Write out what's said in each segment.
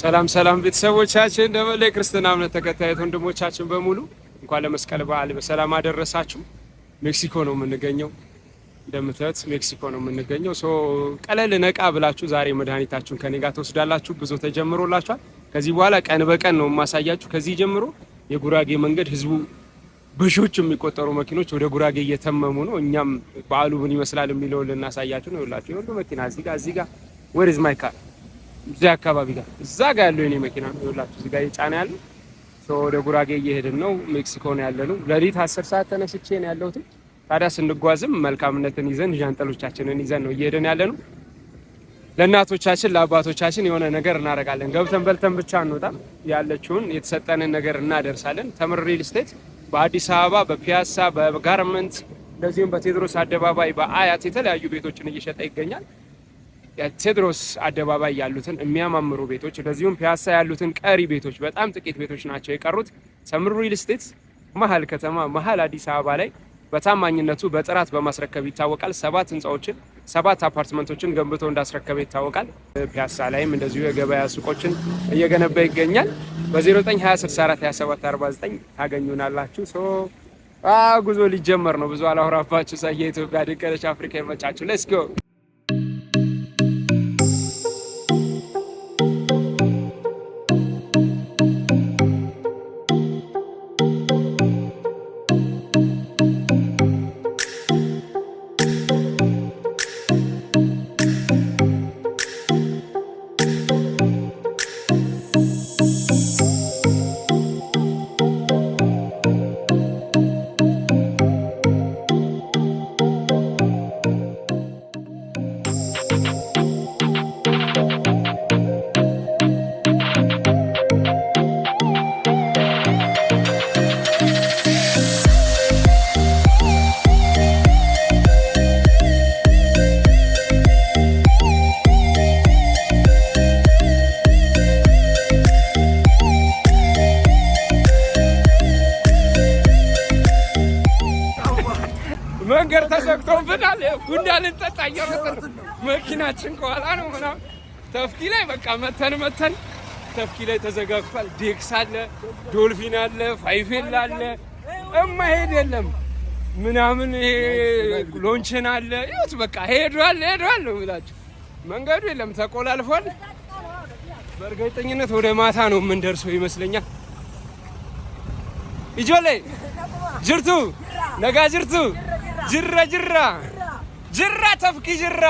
ሰላም ሰላም ቤተሰቦቻችን ደበሌ ክርስትና እምነት ተከታዮች ወንድሞቻችን በሙሉ እንኳን ለመስቀል በዓል በሰላም አደረሳችሁ። ሜክሲኮ ነው የምንገኘው፣ እንደምታዩት ሜክሲኮ ነው የምንገኘው። ሶ ቀለል ነቃ ብላችሁ ዛሬ መድኃኒታችሁን ከኔ ጋር ትወስዳላችሁ። ብዙ ተጀምሮላችኋል። ከዚህ በኋላ ቀን በቀን ነው የማሳያችሁ። ከዚህ ጀምሮ የጉራጌ መንገድ ህዝቡ በሺዎች የሚቆጠሩ መኪኖች ወደ ጉራጌ እየተመሙ ነው። እኛም በዓሉ ምን ይመስላል የሚለውን ልናሳያችሁ ነው። ይላችሁ የሁሉ መኪና እዚህ ጋር እዚህ ጋር ወር ማይ ካር እዚህ አካባቢ ጋር እዛ ጋር ያለው የኔ መኪና ነው ይኸውላችሁ፣ እዚህ ጋር የጫና ያለው ወደ ጉራጌ እየሄድን ነው። ሜክሲኮ ነው ያለ ነው። ለሊት አስር ሰዓት ተነስቼ ነው ያለሁት። ታዲያ ስንጓዝም መልካምነትን ይዘን ዣንጠሎቻችንን ይዘን ነው እየሄድን ያለ ነው። ለእናቶቻችን ለአባቶቻችን የሆነ ነገር እናደርጋለን። ገብተን በልተን ብቻ አንወጣም ያለችውን የተሰጠንን ነገር እናደርሳለን። ተምር ሪል ስቴት በአዲስ አበባ በፒያሳ በጋርመንት እንደዚሁም በቴዎድሮስ አደባባይ በአያት የተለያዩ ቤቶችን እየሸጠ ይገኛል። ቴዎድሮስ አደባባይ ያሉትን የሚያማምሩ ቤቶች እንደዚሁም ፒያሳ ያሉትን ቀሪ ቤቶች በጣም ጥቂት ቤቶች ናቸው የቀሩት። ሰምሩ ሪል ስቴት መሀል ከተማ መሀል አዲስ አበባ ላይ በታማኝነቱ በጥራት በማስረከብ ይታወቃል። ሰባት ህንፃዎችን ሰባት አፓርትመንቶችን ገንብቶ እንዳስረከበ ይታወቃል። ፒያሳ ላይም እንደዚሁ የገበያ ሱቆችን እየገነባ ይገኛል። በ0920642749 ታገኙናላችሁ። ጉዞ ሊጀመር ነው። ብዙ አላውራባችሁ። ሳየ ኢትዮጵያ ድቀለች አፍሪካ ይመጫችሁ። ሌስ ጎ መንገድ ተዘግቶብናል። ጉንዳ ልንጠጣ እየሮጥን መኪናችን ከኋላ ነው ምናምን ተፍኪ ላይ በቃ መተን መተን ተፍኪ ላይ ተዘጋግቷል። ዴክስ አለ፣ ዶልፊን አለ፣ ፋይፌል አለ፣ እማሄድ የለም ምናምን ሎንችን አለ ይሁት በቃ ሄዷል ሄዷል ነው ብላችሁ መንገዱ የለም ተቆላልፏል። በእርግጠኝነት ወደ ማታ ነው የምንደርሰው ይመስለኛል። ላይ ጅርቱ ነጋ ጅርቱ ጅራ ጅራ ጅራ ተፍኪ ጅራ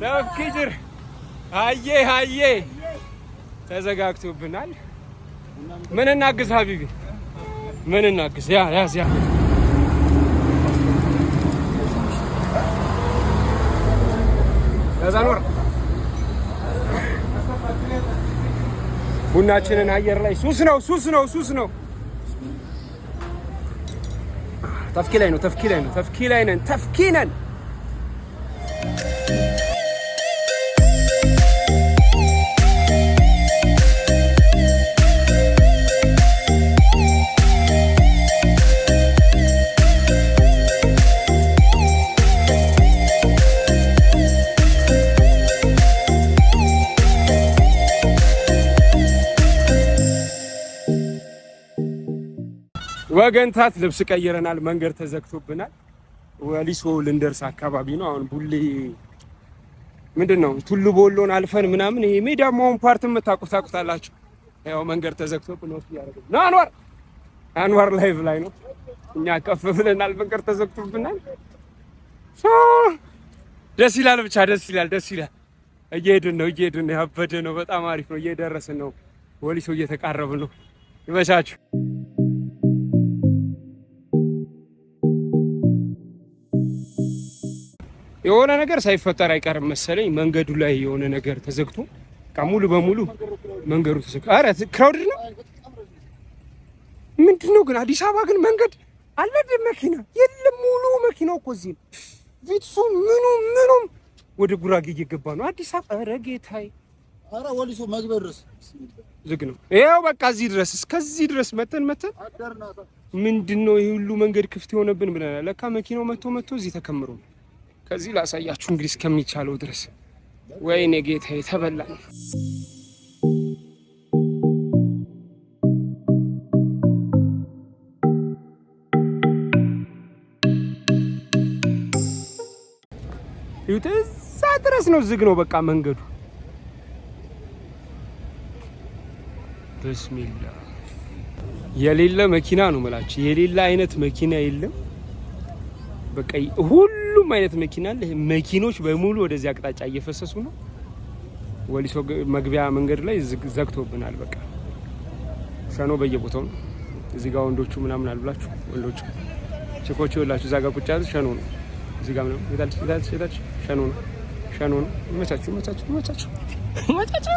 ተፍኪ ጅር አዬ አዬ ተዘጋግቶብናል። ምን እናግዝ ሀቢቢ ምን እናግዝ? ያ ያዝ ያ ለዛኖር ቡናችንን አየር ላይ ሱስ ነው ሱስ ነው ሱስ ነው ተፍኪ ላይ ነው። ተፍኪ ላይ ነው። ተፍኪ ላይ ነን። ተፍኪ ነን። ወገንታት ልብስ ቀይረናል። መንገድ ተዘግቶብናል። ወሊሶ ልንደርስ አካባቢ ነው አሁን ቡሌ ምንድን ነው ቱሉ ቦሎን አልፈን ምናምን ይሄ ሜዳማውን ፓርት የምታውቁት ያው መንገድ ተዘግቶብን ነው ያደረገው ነው አንዋር አንዋር ላይቭ ላይ ነው። እኛ ከፍ ብለናል፣ መንገድ ተዘግቶብናል። ደስ ይላል፣ ብቻ ደስ ይላል፣ ደስ ይላል። እየሄድን ነው፣ እየሄድን ነው። ያበደ ነው። በጣም አሪፍ ነው። እየደረስን ነው። ወሊሶ እየተቃረብን ነው። ይመቻችሁ። የሆነ ነገር ሳይፈጠር አይቀርም መሰለኝ። መንገዱ ላይ የሆነ ነገር ተዘግቶ ሙሉ በሙሉ መንገዱ ተዘግቶ፣ አረ ክራውድድ ነው። ምንድን ነው ግን አዲስ አበባ ግን መንገድ አለ መኪና የለም። ሙሉ መኪናው እኮ እዚህ ቪትሱ ምኑ ምኑም ወደ ጉራጌ እየገባ ነው። አዲስ አበባ አረ ጌታዬ፣ አረ ወሊሶ መግቢያው ድረስ ዝግ ነው። ይኸው በቃ እዚህ ድረስ እስከዚህ ድረስ መተን መተን ምንድን ነው ይህ ሁሉ መንገድ ክፍት የሆነብን ብለናል። ለካ መኪናው መቶ መቶ እዚህ ተከምሮ ነው ከዚህ ላሳያችሁ እንግዲህ እስከሚቻለው ድረስ። ወይኔ ጌታ የተበላኝ ይሁት እዛ ድረስ ነው። ዝግ ነው በቃ መንገዱ። ብስሚላ የሌለ መኪና ነው የምላችሁ። የሌለ አይነት መኪና የለም በቃ ሁሉ ሁሉም አይነት መኪና አለ። መኪኖች በሙሉ ወደዚህ አቅጣጫ እየፈሰሱ ነው። ወሊሶ መግቢያ መንገድ ላይ ዘግቶብናል። በቃ ሰኖ በየቦታው ነው። እዚህ ጋር ወንዶቹ ምናምን አሉላችሁ። ወንዶቹ ቼኮቹ ይላችሁ እዛ ጋር ቁጭ ያሉት ሸኖ ነው። እዚህ ጋር ምናምን የታች የታች የታች ሸኖ ነው። ሸኖ ነው። ይመቻችሁ፣ ይመቻችሁ፣ ይመቻችሁ፣ ይመቻችሁ።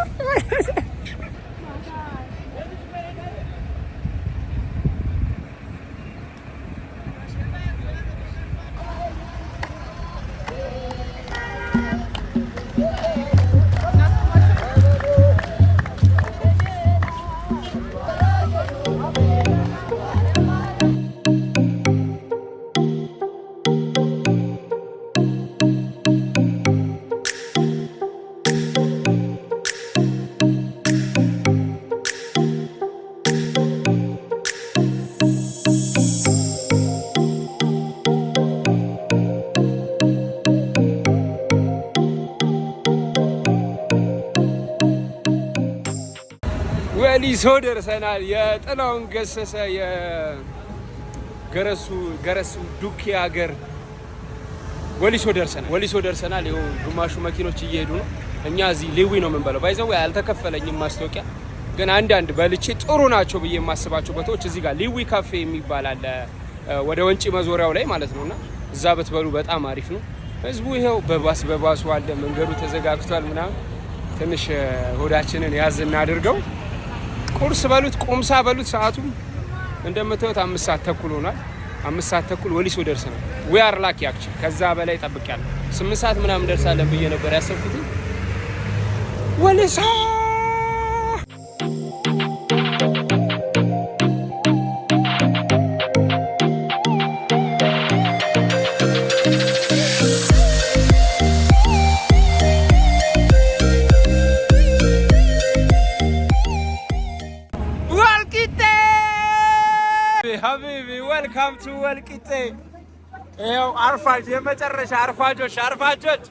ከሊሶ ደርሰናል። የጥላውን ገሰሰ የገረሱ ገረሱ ዱኪ ሀገር ወሊሶ ደርሰናል። ወሊሶ ደርሰናል። ይኸው ግማሹ መኪኖች እየሄዱ ነው። እኛ እዚህ ሊዊ ነው የምንበለው። ባይዘው ያልተከፈለኝም ማስታወቂያ ግን አንዳንድ በልቼ ጥሩ ናቸው ብዬ የማስባቸው ቦታዎች እዚህ ጋር ሊዊ ካፌ የሚባል አለ፣ ወደ ወንጪ መዞሪያው ላይ ማለት ነው። እና እዛ ብትበሉ በጣም አሪፍ ነው። ህዝቡ ይኸው በባስ በባሱ አለ፣ መንገዱ ተዘጋግቷል ምናምን። ትንሽ ሆዳችንን ያዝ እናድርገው። ቁርስ በሉት ቁምሳ በሉት። ሰዓቱ እንደምታዩት አምስት ሰዓት ተኩል ሆኗል። አምስት ሰዓት ተኩል ወሊሶ ደርሰና ዊ አር ላኪ አክቹዋሊ ከዛ በላይ ጠብቄያለሁ። ስምንት ሰዓት ምናምን ደርሳለን ብዬ ነበር ያሰብኩት ወሊሶ ገዳምቱ ወልቂጤ ይኸው አርፋጅ የመጨረሻ አርፋጆች አርፋጆች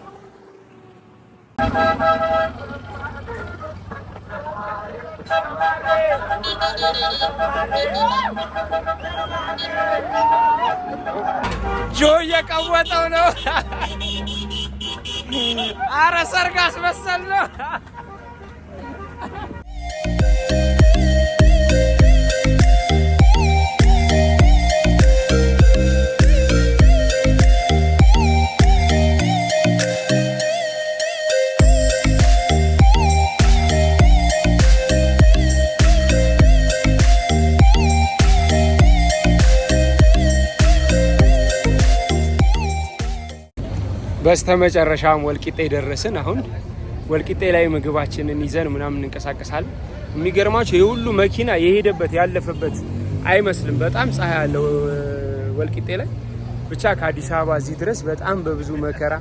ጆ እየቀወጠው ነው። አረ ሰርግ አስመሰል ነው። በስተመጨረሻም ወልቂጤ ደረስን። አሁን ወልቂጤ ላይ ምግባችንን ይዘን ምናምን እንንቀሳቀሳለን። የሚገርማቸው የሁሉ መኪና የሄደበት ያለፈበት አይመስልም። በጣም ፀሐይ አለው ወልቂጤ ላይ ብቻ ከአዲስ አበባ እዚህ ድረስ በጣም በብዙ መከራ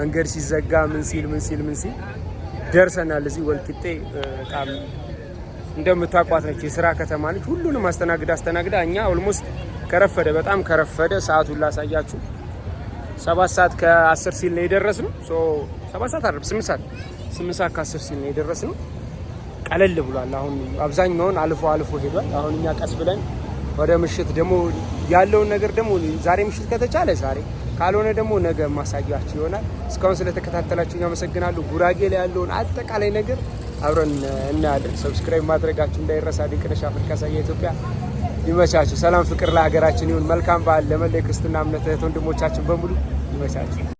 መንገድ ሲዘጋ ምን ሲል ምን ሲል ምን ሲል ደርሰናል። እዚህ ወልቂጤ በጣም እንደምታቋት ነች፣ የስራ ከተማ ነች። ሁሉንም አስተናግዳ አስተናግዳ እኛ ኦልሞስት ከረፈደ በጣም ከረፈደ ሰዓቱን ላሳያችሁ ሰባት ሰዓት ከአስር ሲል ነው የደረስነው። ሰባት ሰዓት አይደለም ስምንት ሰዓት ስምንት ሰዓት ከአስር ሲል ነው የደረስነው። ቀለል ብሏል። አሁን አብዛኛውን አልፎ አልፎ ሄዷል። አሁን እኛ ቀስ ብለን ወደ ምሽት ደግሞ ያለውን ነገር ደግሞ ዛሬ ምሽት ከተቻለ ዛሬ ካልሆነ ደግሞ ነገ ማሳያችሁ ይሆናል። እስካሁን ስለተከታተላችሁ አመሰግናለሁ። ጉራጌ ላይ ያለውን አጠቃላይ ነገር አብረን እናያለን። ሰብስክራይብ ማድረጋችሁ እንዳይረሳ። ድንቅነሽ አፍሪካ ሳያ ኢትዮጵያ ይመቻችሁ። ሰላም ፍቅር ለሀገራችን ይሁን። መልካም በዓል ለመላ የክርስትና እምነት እህት ወንድሞቻችን በሙሉ ይመቻችሁ።